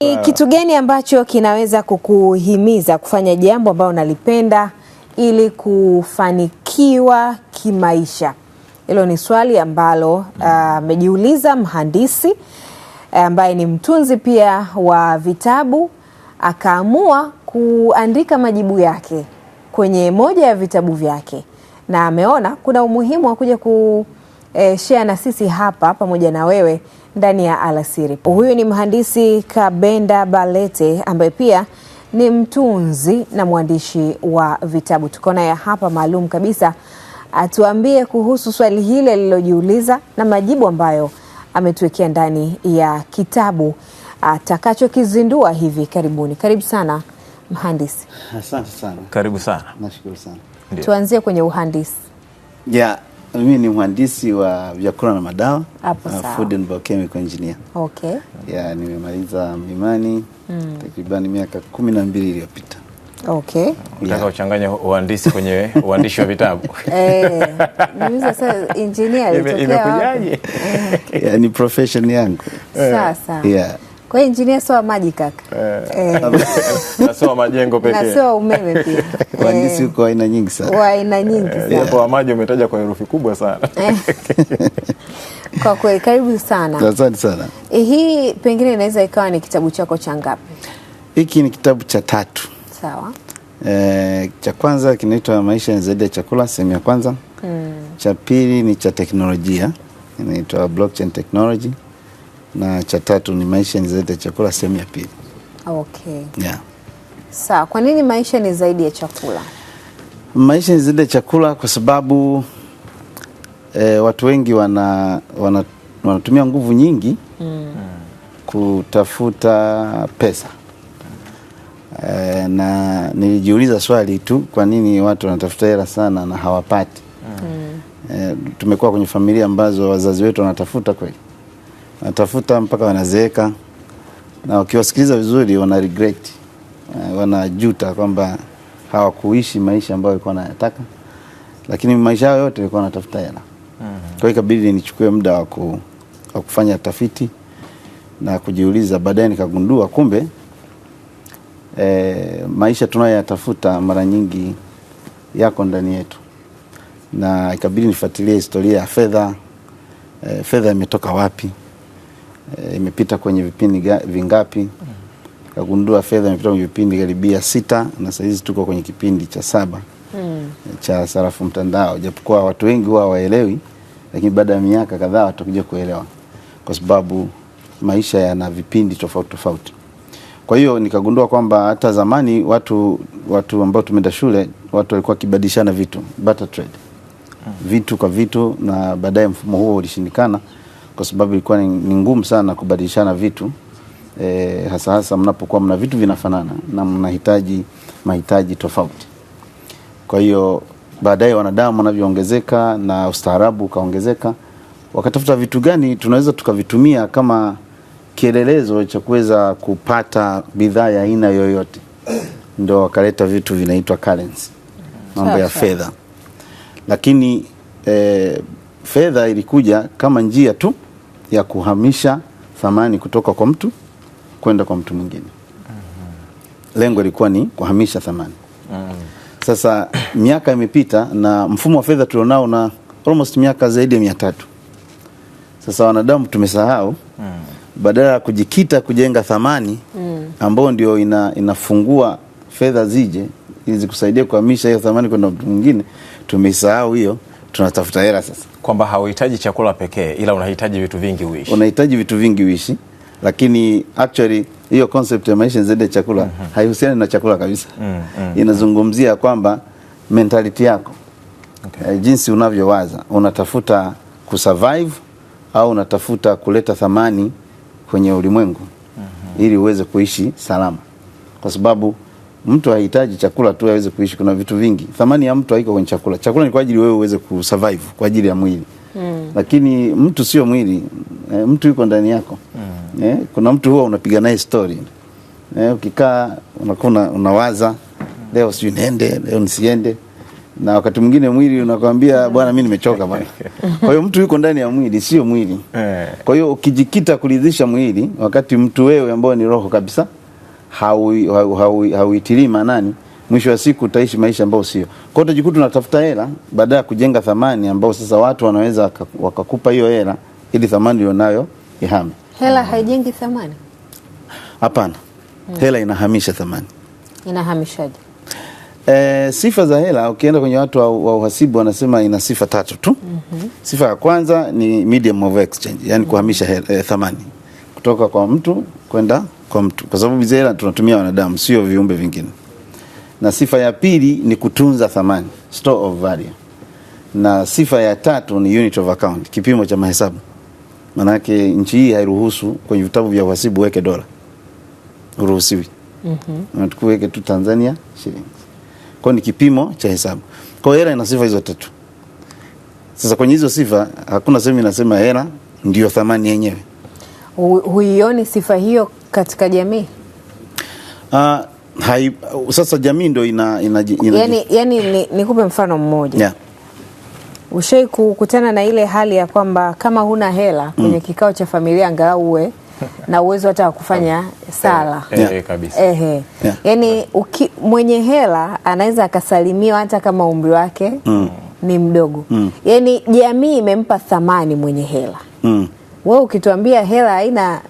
Ni kitu gani ambacho kinaweza kukuhimiza kufanya jambo ambalo unalipenda ili kufanikiwa kimaisha? Hilo ni swali ambalo uh, amejiuliza uh, mhandisi eh, ambaye ni mtunzi pia wa vitabu, akaamua kuandika majibu yake kwenye moja ya vitabu vyake, na ameona kuna umuhimu wa kuja ku eh, share na sisi hapa pamoja na wewe ndani ya Alasiri. Huyu ni mhandisi Kabenda Balete ambaye pia ni mtunzi na mwandishi wa vitabu. Tuko naye hapa maalum kabisa atuambie kuhusu swali hili alilojiuliza na majibu ambayo ametuwekea ndani ya kitabu atakachokizindua hivi karibuni. Karibu sana mhandisi. Asante sana. Karibu sana. Nashukuru sana. Tuanzie kwenye uhandisi. Yeah. Mimi ni mhandisi wa vyakula na madawa, uh, food and biochemical engineer. Okay. Ya, nimemaliza Mlimani mm. takriban miaka kumi na mbili iliyopita. Okay. Unataka uchanganye uhandisi kwenye uandishi wa vitabu. Eh, sasa engineer ilitokea. Imekujaje? Ni profession yangu. Sasa. Yeah. Kwa hiyo injinia sio maji kaka, eh. Eh. na sio wa majengo pekee, na sio wa umeme pia. Wahandisi uko aina nyingi sana, wa aina nyingi eh, sana japo wa maji umetaja kwa herufi kubwa sana kwa kweli. Karibu sana, asante sana. Hii pengine inaweza ikawa ni kitabu chako cha ngapi? Hiki ni kitabu cha tatu. Sawa. E, cha kwanza kinaitwa Maisha ni zaidi ya chakula, sehemu ya kwanza. Mm. Cha pili ni cha teknolojia, inaitwa blockchain technology na cha tatu ni maisha ni zaidi ya chakula, sehemu ya pili. Okay. Yeah. Sawa, kwa nini maisha ni zaidi ya chakula? Maisha ni zaidi ya chakula kwa sababu e, watu wengi wana, wana, wanatumia nguvu nyingi mm. kutafuta pesa e, na nilijiuliza swali tu, kwa nini watu wanatafuta hela sana na hawapati? mm. E, tumekuwa kwenye familia ambazo wazazi wetu wanatafuta kweli natafuta mpaka wanazeeka, na ukiwasikiliza vizuri wana regret, eh, wanajuta kwamba hawakuishi maisha ambayo walikuwa wanayataka, lakini maisha yao yote walikuwa wanatafuta hela. Mm-hmm. Kwa hiyo ikabidi nichukue muda wa kufanya tafiti na kujiuliza. Baadaye nikagundua kumbe e, maisha tunayoyatafuta mara nyingi yako ndani yetu, na ikabidi nifuatilie historia ya fedha. E, fedha imetoka wapi? Eh, imepita kwenye vipindi vingapi? Kagundua fedha imepita kwenye vipindi karibia sita na sahizi tuko kwenye kipindi cha saba mm. cha sarafu mtandao, japokuwa watu wengi huwa hawaelewi, lakini baada ya miaka kadhaa watakuja kuelewa, kwa sababu maisha yana vipindi tofauti tofauti. Kwa hiyo nikagundua kwamba hata zamani watu watu ambao tumeenda shule watu walikuwa wakibadilishana vitu barter trade, hmm. vitu kwa vitu, na baadaye mfumo huo ulishindikana kwa sababu ilikuwa ni ngumu sana kubadilishana vitu e, hasa hasa mnapokuwa mna vitu vinafanana na mnahitaji mahitaji tofauti. Kwa hiyo baadaye wanadamu wanavyoongezeka na ustaarabu ukaongezeka, wakatafuta vitu gani tunaweza tukavitumia kama kielelezo cha kuweza kupata bidhaa ya aina yoyote, ndo wakaleta vitu vinaitwa currency, mambo ya fedha. Lakini e, fedha ilikuja kama njia tu ya kuhamisha thamani kutoka kwa mtu kwenda kwa mtu mwingine. Mm-hmm. Lengo lilikuwa ni kuhamisha thamani. Mm-hmm. Sasa miaka imepita na mfumo wa fedha tulionao na almost miaka zaidi ya mia tatu. Sasa wanadamu tumesahau mm. badala ya kujikita kujenga thamani mm. ambayo ndio ina, inafungua fedha zije ili zikusaidia kuhamisha hiyo thamani kwenda mtu mwingine, tumesahau hiyo tunatafuta hela sasa, kwamba hauhitaji chakula pekee, ila unahitaji vitu vingi uishi, unahitaji vitu vingi uishi. Lakini actually hiyo concept ya maisha zaidi ya chakula mm -hmm. haihusiani na chakula kabisa mm -hmm. inazungumzia kwamba mentality yako okay. Eh, jinsi unavyowaza, unatafuta kusurvive au unatafuta kuleta thamani kwenye ulimwengu mm -hmm. ili uweze kuishi salama, kwa sababu mtu hahitaji chakula tu aweze kuishi. Kuna vitu vingi, thamani ya mtu haiko kwenye chakula. Chakula ni kwa ajili wewe uweze kusurvive kwa ajili ya mwili mm. Lakini mtu sio mwili e, mtu yuko ndani yako mm. E, kuna mtu huwa unapiga naye story e, ukikaa unakuwa unawaza mm. leo sijui niende leo nisiende, na wakati mwingine mwili unakwambia mm. bwana, mimi nimechoka bwana. Kwa hiyo mtu yuko ndani ya mwili, sio mwili. Kwa hiyo ukijikita kuridhisha mwili, wakati mtu wewe ambao ni roho kabisa hauitilii maanani, mwisho wa siku utaishi maisha ambayo sio. Kwa hiyo utajikuta unatafuta hela baada ya kujenga thamani ambao sasa watu wanaweza wakakupa hiyo hela ili thamani ulionayo ihame. Hela haijengi thamani? Hapana, hmm. Hela inahamisha thamani. inahamishaji E, sifa za hela ukienda kwenye watu wa uhasibu wanasema ina sifa tatu tu. mm -hmm. Sifa ya kwanza ni medium of exchange, yani kuhamisha hela, e, thamani kutoka kwa mtu kwenda kwa mtu, kwa sababu bidhaa tunatumia wanadamu, sio viumbe vingine. Na sifa ya pili ni kutunza thamani, store of value, na sifa ya tatu ni unit of account, kipimo cha mahesabu. Manake nchi hii hairuhusu kwenye vitabu vya uhasibu weke dola, uruhusiwi. mm -hmm. Unatakiwa tu Tanzania shillings, kwa ni kipimo cha hesabu. Kwa hela ina sifa hizo tatu. Sasa kwenye hizo sifa hakuna sehemu inasema hela ndio thamani yenyewe, huioni sifa hiyo katika jamii uh, hai, sasa jamii ndo ina, ina, ina, yani, yani nikupe ni mfano mmoja yeah. Ushai kukutana na ile hali ya kwamba kama huna hela mm. kwenye mm. kikao cha familia angalau uwe na uwezo hata wa kufanya sala yeah. yeah. Ehe. Yeah. Yani uki, mwenye hela anaweza akasalimiwa hata kama umri wake mm. ni mdogo mm. yani jamii imempa thamani mwenye hela mm. Wewe ukituambia hela haina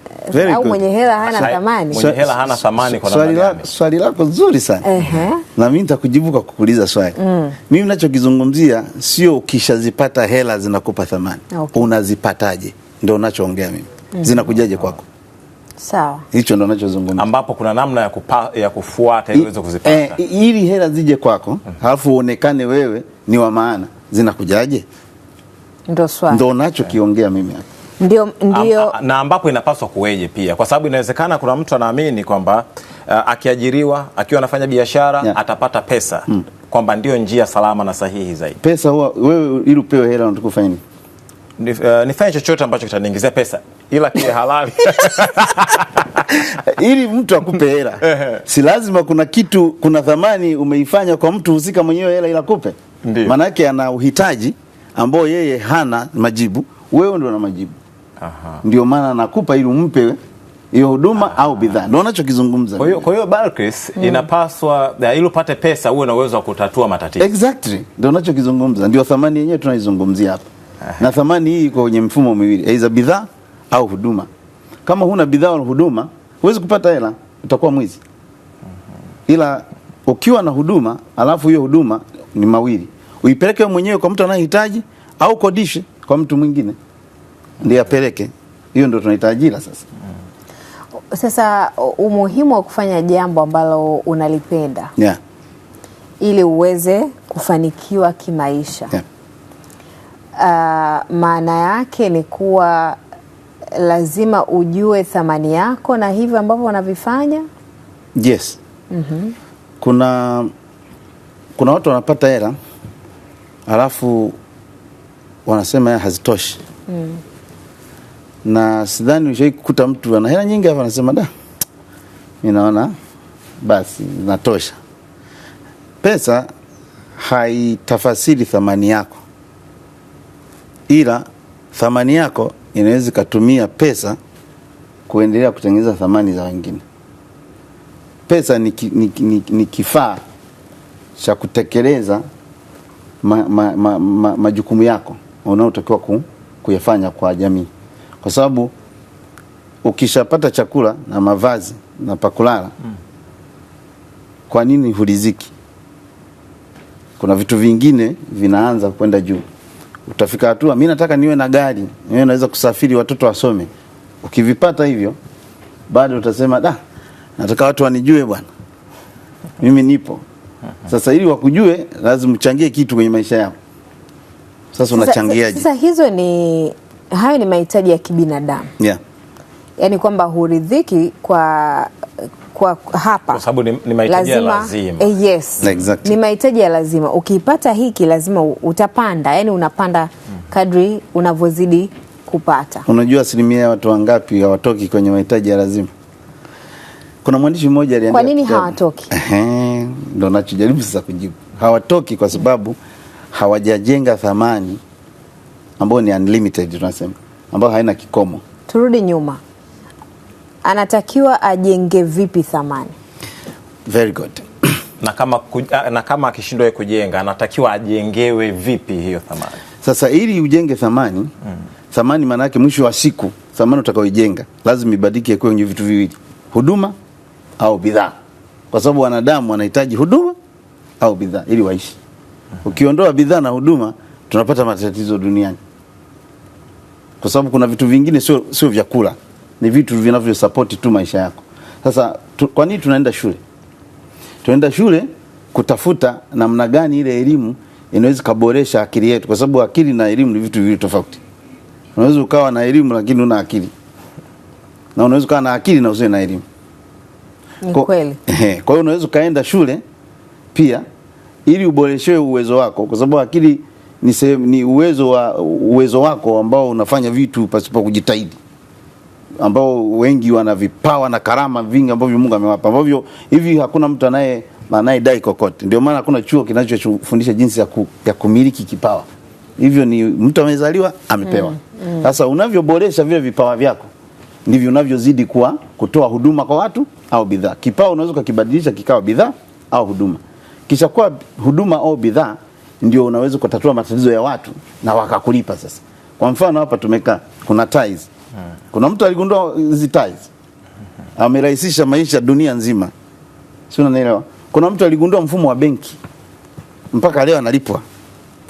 au mwenye hela hana thamani. Mwenye hela hana thamani kwa swali la, Swali lako zuri sana. Ehe. Na mimi nitakujibu kwa kukuuliza swali. Mm. Mimi ninachokizungumzia sio ukishazipata hela zinakupa thamani. Okay. Unazipataje? Ndio unachoongea mimi. Mm. Zinakujaje kwako? Sawa. Hicho ndo ninachozungumza. Ambapo kuna namna ya kupa, ya kufuata ili uweze kuzipata. Eh, ili hela zije kwako, mm. halafu mm. uonekane wewe ni wa maana, zinakujaje? Ndio swali. Ndio nachokiongea mimi hapa ndio, ndio. Am, na ambapo inapaswa kuweje pia, kwa sababu inawezekana kuna mtu anaamini kwamba uh, akiajiriwa akiwa anafanya biashara yeah. atapata pesa mm. kwamba ndio njia salama na sahihi zaidi. Pesa huwa wewe ili upewe hela unataka kufanya nini? Ni, uh, nifanye chochote ambacho kitaniingizia pesa ila kiwe halali ili mtu akupe hela si lazima kuna kitu, kuna thamani umeifanya kwa mtu husika mwenyewe hela ila kupe, maanake ana uhitaji ambao yeye hana majibu, wewe ndio una majibu ndio maana nakupa ili umpe hiyo huduma au bidhaa, ndo unachokizungumza. Kwa hiyo Balkis mm. inapaswa eh, ili upate pesa uwe na uwezo wa kutatua matatizo. Exactly, ndio unachokizungumza, ndio thamani yenyewe tunaizungumzia hapa. Na thamani hii iko kwenye mfumo miwili, aidha bidhaa au huduma. Kama huna bidhaa au huduma, huwezi kupata hela, utakuwa mwizi. Mhm. Ila ukiwa na huduma, alafu hiyo huduma ni mawili, uipeleke mwenyewe kwa mtu anayehitaji au kodishe kwa mtu mwingine ndio apeleke. Hiyo ndio tunaita ajira sasa. Sasa umuhimu wa kufanya jambo ambalo unalipenda yeah. ili uweze kufanikiwa kimaisha yeah. Uh, maana yake ni kuwa lazima ujue thamani yako na hivyo ambavyo unavifanya. Yes. mm -hmm. Kuna kuna watu wanapata hela alafu wanasema hazitoshi. mm na sidhani ushai kukuta mtu ana hela nyingi hapa anasema da, ninaona basi natosha. Pesa haitafasiri thamani yako, ila thamani yako inaweza ikatumia pesa kuendelea kutengeneza thamani za wengine. Pesa ni, ki, ni, ni, ni kifaa cha kutekeleza ma, ma, ma, ma, majukumu yako unaotakiwa ku, kuyafanya kwa jamii kwa sababu ukishapata chakula na mavazi na pakulala mm. kwa nini huriziki? Kuna vitu vingine vinaanza kwenda juu, utafika hatua, mimi nataka niwe na gari, niwe naweza kusafiri, watoto wasome. Ukivipata hivyo bado utasema da, nataka watu wanijue bwana, mimi nipo. Mm-hmm. Sasa ili wakujue, lazima uchangie kitu kwenye maisha yao. Sasa unachangiaje? Sasa hizo ni hayo ni mahitaji ya kibinadamu yeah. Yani kwamba huridhiki kwa kwa hapa kwa sababu ni, ni mahitaji ya lazima eh, yes. Exactly. Ni mahitaji ya lazima. Ukiipata hiki lazima utapanda, yani unapanda kadri unavyozidi kupata. Unajua asilimia ya watu wangapi hawatoki kwenye mahitaji ya lazima? Kuna mwandishi mmoja aliandika, kwa nini hawatoki? Ehe, ndo nachojaribu sasa kujibu. Hawatoki kwa sababu hawajajenga thamani ambayo ni unlimited tunasema, ambayo haina kikomo. Turudi nyuma, anatakiwa ajenge vipi thamani? Very good. na kama na kama akishindwa kujenga, anatakiwa ajengewe vipi hiyo thamani? Sasa ili ujenge thamani mm. Thamani maana yake mwisho wa siku thamani utakaoijenga lazima ibadilike kwenye vitu viwili, huduma au bidhaa, kwa sababu wanadamu wanahitaji huduma au bidhaa ili waishi. Mm. Ukiondoa bidhaa na huduma tunapata matatizo duniani kwa sababu kuna vitu vingine sio sio vyakula, ni vitu vinavyosapoti tu maisha yako. Sasa tu, kwa nini tunaenda shule? Tunaenda shule kutafuta namna gani ile elimu inaweza kaboresha akili yetu, kwa sababu akili na elimu ni vitu viwili tofauti. Unaweza ukawa na elimu lakini una akili, na unaweza ukawa na akili na usiwe na elimu. Ni kweli. Kwa hiyo unaweza ukaenda shule pia ili uboreshewe uwezo wako, kwa sababu akili ni, se, ni uwezo, wa, uwezo wako ambao unafanya vitu pasipo kujitahidi, ambao wengi wana vipawa na karama vingi ambavyo Mungu amewapa ambavyo hivi hakuna mtu anaye anayedai kokote. Ndio maana hakuna chuo kinachofundisha jinsi ya, ku, ya kumiliki kipawa hivyo. Ni mtu amezaliwa amepewa. Sasa mm, mm, unavyoboresha vile vipawa vyako ndivyo unavyozidi kuwa kutoa huduma kwa watu au bidhaa. Kipawa unaweza ukakibadilisha kikawa bidhaa au huduma, kisha kuwa huduma au bidhaa ndio unaweza kutatua matatizo ya watu na wakakulipa. Sasa kwa mfano hapa tumekaa, kuna ties. Hmm. kuna mtu aligundua hizi ties, amerahisisha maisha dunia nzima, si unanielewa? Kuna mtu aligundua mfumo wa benki, mpaka leo analipwa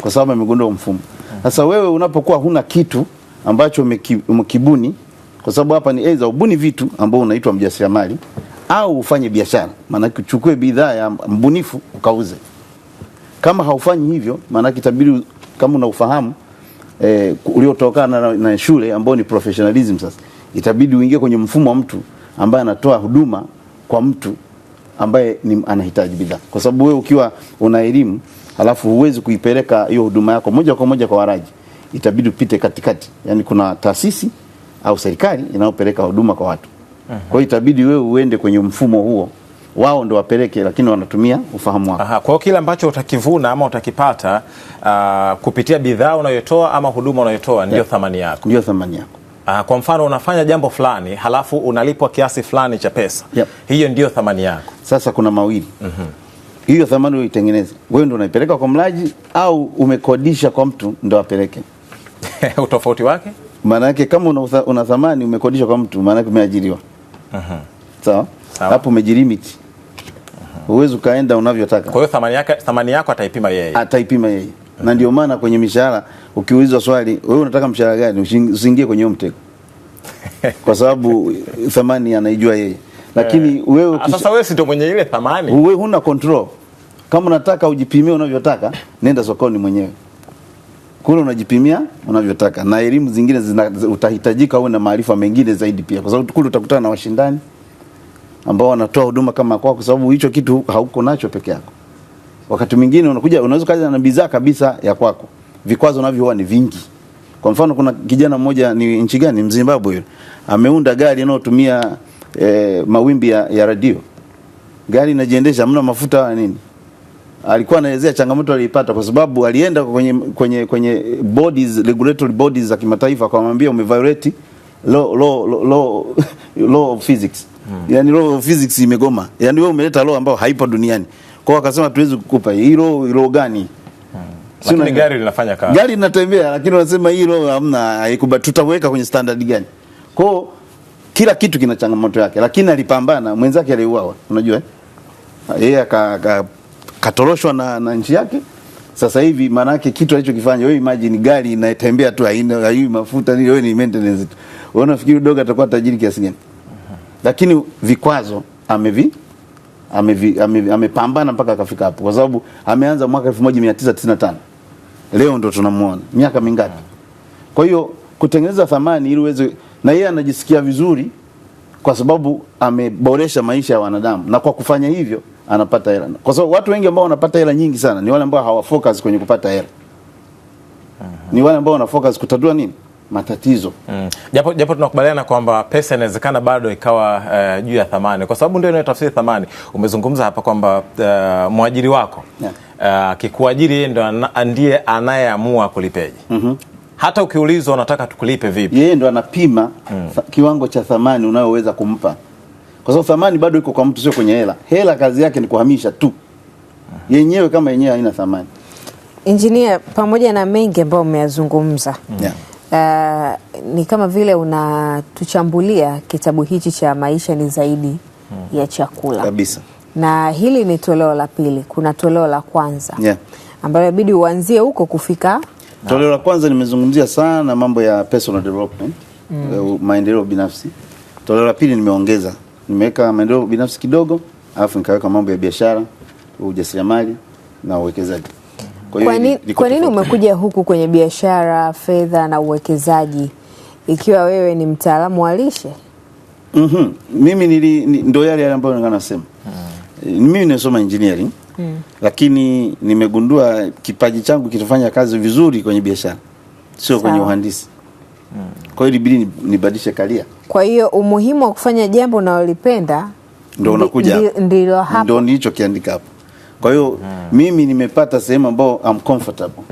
kwa sababu amegundua mfumo. Hmm. Sasa wewe unapokuwa huna kitu ambacho umekibuni, kwa sababu hapa ni aidha ubuni vitu ambao unaitwa mjasiriamali au ufanye biashara, maana uchukue bidhaa ya mbunifu ukauze. Kama haufanyi hivyo, maanake itabidi kama unaufahamu eh, uliotokana na, na shule ambao ni professionalism, sasa itabidi uingie kwenye mfumo wa mtu ambaye anatoa huduma kwa mtu ambaye ni anahitaji bidhaa, kwa sababu wewe ukiwa una elimu halafu huwezi kuipeleka hiyo huduma yako moja kwa moja kwa waraji, itabidi upite katikati, yani kuna taasisi au serikali inayopeleka huduma kwa watu. Kwa hiyo itabidi wewe uende kwenye mfumo huo wao ndo wapeleke, lakini wanatumia ufahamu wao. Aha, kwa hiyo kile ambacho utakivuna ama utakipata uh, kupitia bidhaa unayotoa ama huduma unayotoa ndio yeah, thamani yako, ndio thamani yako. Aha, kwa mfano unafanya jambo fulani halafu unalipwa kiasi fulani cha pesa yep, hiyo ndio thamani yako. Sasa kuna mawili mm -hmm. hiyo thamani uitengeneza wewe ndo unaipeleka kwa mlaji au umekodisha kwa mtu ndo apeleke utofauti wake maana yake kama una, una thamani umekodisha kwa mtu maana yake umeajiriwa. uh mhm. -huh. Sawa, hapo umejilimiti huwezi ukaenda unavyotaka. Kwa hiyo thamani yake, thamani yako ataipima yeye, ataipima yeye mm. na ndio maana kwenye mishahara ukiulizwa swali, wewe unataka mshahara gani, usiingie kwenye mtego kwa sababu thamani anaijua yeye, lakini eh. wewe ah, sasa, wewe si ndio mwenye ile thamani, wewe huna control. Kama unataka ujipimie unavyotaka, nenda sokoni mwenyewe kule, unajipimia unavyotaka, na elimu zingine zina, utahitajika uwe na maarifa mengine zaidi pia, kwa sababu kule utakutana na washindani ambao wanatoa huduma kama kwako, kwa sababu hicho kitu hauko nacho peke yako. Wakati mwingine unakuja unaweza kaja na bidhaa kabisa ya kwako, vikwazo navyo huwa ni vingi. Kwa mfano kuna kijana mmoja ni nchi gani, Mzimbabwe yule, ameunda gari inayotumia e, mawimbi ya, ya radio, gari inajiendesha, hamna mafuta nini. Alikuwa anaelezea changamoto aliipata kwa sababu alienda kwenye kwenye kwenye bodies regulatory bodies za kimataifa, kwa kumwambia umeviolate law law law, law of physics mm. Yani law of physics imegoma, yani wewe umeleta law ambayo haipo duniani. Kwa hiyo akasema tuwezi kukupa hii law. Law gani? Hmm. Sio gari linafanya kazi, gari linatembea, lakini wanasema hii law hamna, haikubali. Tutaweka kwenye standard gani? Kwa hiyo kila kitu kina changamoto yake, lakini alipambana. Mwenzake aliuawa, unajua eh? yeye ka, katoroshwa na, na nchi yake. Sasa hivi maana yake kitu alichokifanya wewe, imagine gari inatembea tu, haina mafuta, ni wewe ni maintenance tu. Wewe unafikiri dogo atakuwa tajiri kiasi gani? lakini vikwazo amevi amepambana mpaka akafika hapo, kwa sababu ameanza mwaka 1995 leo ndo tunamuona, miaka mingapi? Kwa hiyo kutengeneza thamani ili uweze, na yeye anajisikia vizuri kwa sababu ameboresha maisha ya wanadamu, na kwa kufanya hivyo anapata hela, kwa sababu watu wengi ambao wanapata hela nyingi sana ni wale ambao hawafocus kwenye kupata hela, ni wale ambao wanafocus kutatua nini matatizo mm. Japo, tunakubaliana kwamba pesa inawezekana bado ikawa eh, juu ya thamani, kwa sababu ndio inayotafsiri thamani. Umezungumza hapa kwamba uh, mwajiri wako eh, akikuajiri yeah. uh, yeye ndo ndiye anayeamua kulipeje mm -hmm. hata ukiulizwa unataka tukulipe vipi, yeye ndo anapima mm. kiwango cha thamani unayoweza kumpa, kwa sababu thamani bado iko kwa mtu, sio kwenye hela. Hela kazi yake ni kuhamisha tu, mm-hmm. yenyewe kama yenyewe haina thamani. Injinia, pamoja na mengi ambayo umeyazungumza yeah. Eh, ni kama vile unatuchambulia kitabu hichi cha maisha ni zaidi hmm. ya chakula kabisa, na hili ni toleo la pili. Kuna toleo la kwanza yeah. ambayo inabidi uanzie huko kufika. Toleo la kwanza nimezungumzia sana mambo ya personal development hmm. eh, maendeleo binafsi. Toleo la pili nimeongeza, nimeweka maendeleo binafsi kidogo, alafu nikaweka mambo ya biashara, ujasiriamali na uwekezaji. Kwa nini umekuja huku kwenye biashara, fedha na uwekezaji ikiwa wewe ni mtaalamu wa lishe? mm -hmm. Mimi nili ndo yale yale ambayo nilikuwa nasema mm. Mimi nimesoma engineering mm. Lakini nimegundua kipaji changu kitafanya kazi vizuri kwenye biashara, sio kwenye uhandisi mm. Kwa hiyo ilibidi nibadilishe kalia. Kwa hiyo umuhimu wa kufanya jambo unalolipenda ndio unakuja, ndio nilichokiandika hapo. Kwa hiyo hmm, mimi nimepata sehemu ambayo I'm comfortable.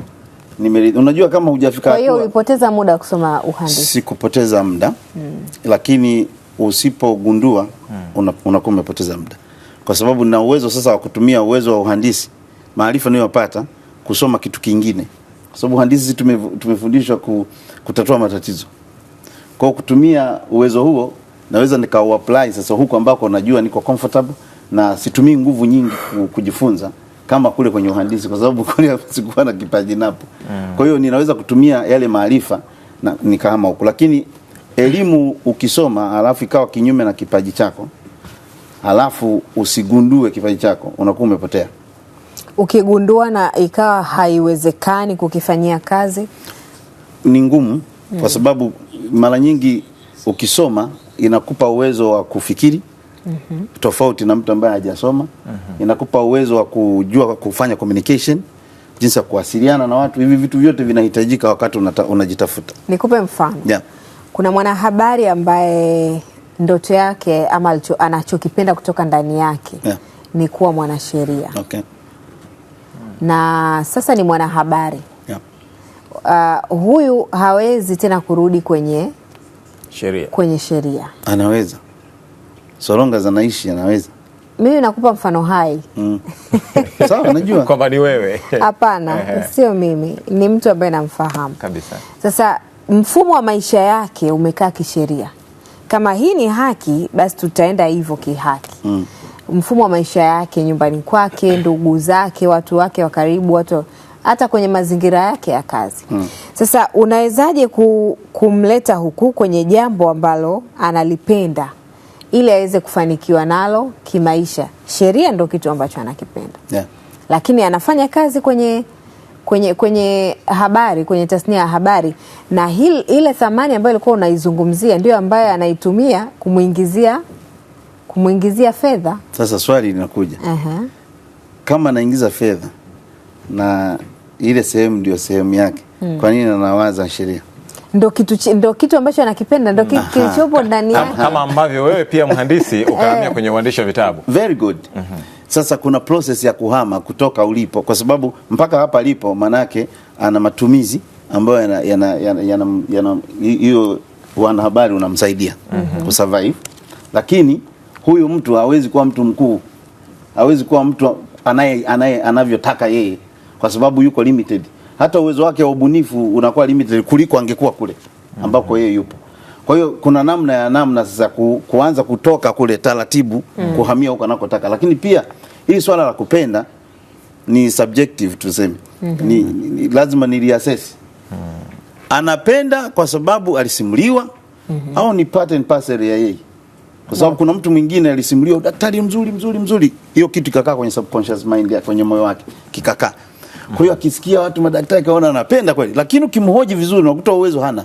Nimeridhi. Unajua kama hujafika Kwa hiyo ulipoteza muda kusoma uhandisi? Sikupoteza muda hmm, lakini usipogundua hmm, unakuwa umepoteza muda, kwa sababu na uwezo sasa wa kutumia uwezo wa uhandisi, maarifa niliyopata kusoma kitu kingine, kwa sababu uhandisi tumefundishwa kutatua matatizo. Kwa kutumia uwezo huo naweza nikauapply sasa huko ambako najua niko comfortable na situmii nguvu nyingi kujifunza kama kule kwenye uhandisi, kwa sababu kule sikuwa na kipaji napo. Mm. Kwa hiyo ninaweza kutumia yale maarifa na nikahama huko, lakini elimu ukisoma alafu ikawa kinyume na kipaji chako alafu usigundue kipaji chako, unakuwa umepotea. Ukigundua na ikawa haiwezekani kukifanyia kazi, ni ngumu mm, kwa sababu mara nyingi ukisoma inakupa uwezo wa kufikiri mm -hmm. tofauti na mtu ambaye hajasoma mm -hmm. inakupa uwezo wa kujua kufanya communication jinsi ya kuwasiliana na watu. Hivi vitu vyote vinahitajika wakati unata, unajitafuta. Nikupe mfano yeah. Kuna mwanahabari ambaye ndoto yake ama anachokipenda kutoka ndani yake yeah. ni kuwa mwanasheria okay. na sasa ni mwanahabari yeah. uh, huyu hawezi tena kurudi kwenye sheria, kwenye sheria anaweza Soronga zanaishi anaweza. Mimi nakupa mfano hai. Mm. Sawa, najua kwamba ni wewe. Hapana, sio mimi, ni mtu ambaye namfahamu kabisa. Sasa mfumo wa maisha yake umekaa kisheria, kama hii ni haki, basi tutaenda hivyo kihaki. Mm. Mfumo wa maisha yake nyumbani kwake, ndugu zake, watu wake wa karibu, watu hata kwenye mazingira yake ya kazi. hmm. Sasa unawezaje kumleta huku kwenye jambo ambalo analipenda ili aweze kufanikiwa nalo kimaisha. Sheria ndo kitu ambacho anakipenda yeah. Lakini anafanya kazi kwenye kwenye kwenye habari kwenye tasnia ya habari, na hil, ile thamani ambayo ilikuwa unaizungumzia ndio ambayo anaitumia kumuingizia kumwingizia fedha. Sasa swali linakuja uh -huh. Kama anaingiza fedha na ile sehemu ndio sehemu yake hmm. Kwa nini anawaza sheria? ndo kitu, ndo kitu ambacho anakipenda ndo mm. kilichopo ndani yake, kama ambavyo wewe pia mhandisi eh. ukahamia kwenye uandishi wa vitabu. Very good. mm -hmm. Sasa kuna process ya kuhama kutoka ulipo, kwa sababu mpaka hapa alipo, manake ana matumizi ambayo yana yana hiyo, wanahabari unamsaidia mm -hmm. kusurvive, lakini huyu mtu hawezi kuwa mtu mkuu, hawezi kuwa mtu anaye anaye anavyotaka yeye, kwa sababu yuko limited hata uwezo wake wa ubunifu unakuwa limited kuliko angekuwa kule ambako yeye yupo. Kwa hiyo kuna namna ya namna sasa ku, kuanza kutoka kule taratibu mm. kuhamia huko anakotaka, lakini pia hili swala la kupenda ni subjective tuseme. mm -hmm. Ni, ni lazima niliassess mm. anapenda kwa sababu alisimuliwa mm -hmm. au ni part and parcel ya yeye, kwa sababu mm. kuna mtu mwingine alisimuliwa daktari mzuri mzuri mzuri, hiyo kitu kikakaa kwenye subconscious mind ya kwenye moyo wake kikakaa kwa hiyo akisikia watu madaktari kaona anapenda kweli, lakini ukimhoji vizuri unakuta uwezo hana.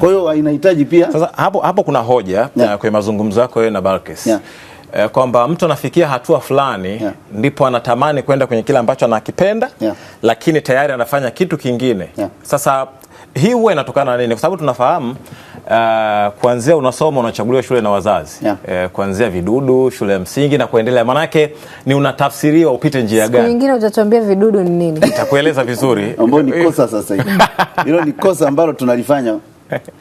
Kwa hiyo inahitaji pia sasa, hapo hapo kuna hoja uh, yeah. kwenye mazungumzo yako wewe na Balkis yeah uh, kwamba mtu anafikia hatua fulani yeah. ndipo anatamani kwenda kwenye kile ambacho anakipenda yeah. lakini tayari anafanya kitu kingine yeah. Sasa hii huwa inatokana na nini? Kwa sababu tunafahamu uh, kuanzia unasoma unachaguliwa shule na wazazi yeah. uh, kuanzia vidudu shule ya msingi na kuendelea, manake ni unatafsiriwa upite njia gani. Nyingine utatuambia vidudu ni nini, nitakueleza vizuri ambao ni kosa sasa hivi hilo ni kosa ambalo tunalifanya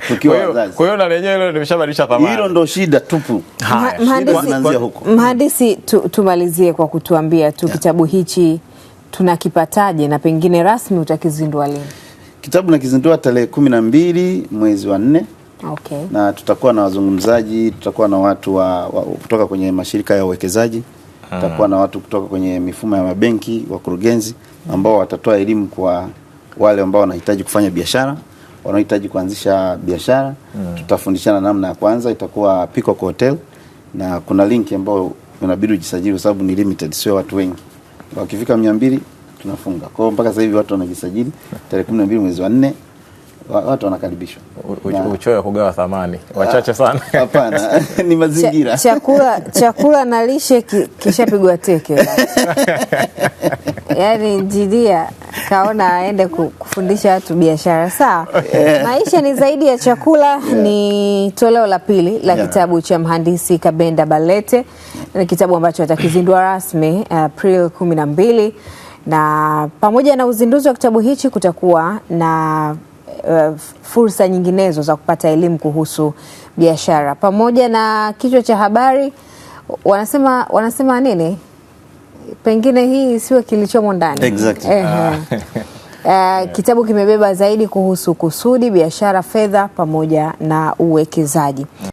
tukiwa wazazi. Kwa hiyo na lenyewe hilo limeshabadilisha thamani, hilo ndo shida tupu. Mhandisi, tu, tumalizie kwa kutuambia tu yeah. kitabu hichi tunakipataje na pengine rasmi utakizindua lini? Kitabu nakizindua tarehe kumi na mbili mwezi wa nne okay. na tutakuwa na wazungumzaji, tutakuwa na watu wa, wa, kutoka kwenye mashirika ya uwekezaji ah. tutakuwa na watu kutoka kwenye mifumo ya mabenki, wakurugenzi ambao watatoa elimu kwa wale ambao wanahitaji kufanya biashara, wanaohitaji kuanzisha biashara. Hmm. Tutafundishana namna ya kwanza, itakuwa Peacock Hotel na kuna linki ambayo inabidi ujisajili kwa sababu ni limited, sio watu wengi. Wakifika mia mbili tunafunga. Kwa hiyo mpaka sasa hivi watu wanajisajili, tarehe 12 mwezi wa nne watu wanakaribishwa. Uchoyo wa kugawa thamani wachache sana. Hapana, ni mazingira. Ch chakula, chakula na lishe kishapigwa teke yaani Jidia kaona aende kufundisha watu biashara sawa. yeah. Maisha ni zaidi ya chakula. yeah. Ni toleo la pili la yeah. kitabu cha mhandisi Kabenda Balete, ni kitabu ambacho atakizindua rasmi April kumi na mbili, na pamoja na uzinduzi wa kitabu hichi kutakuwa na uh, fursa nyinginezo za kupata elimu kuhusu biashara, pamoja na kichwa cha habari wanasema wanasema nini, pengine hii sio kilichomo ndani exactly. Ah. Uh, kitabu kimebeba zaidi kuhusu kusudi, biashara, fedha pamoja na uwekezaji mm.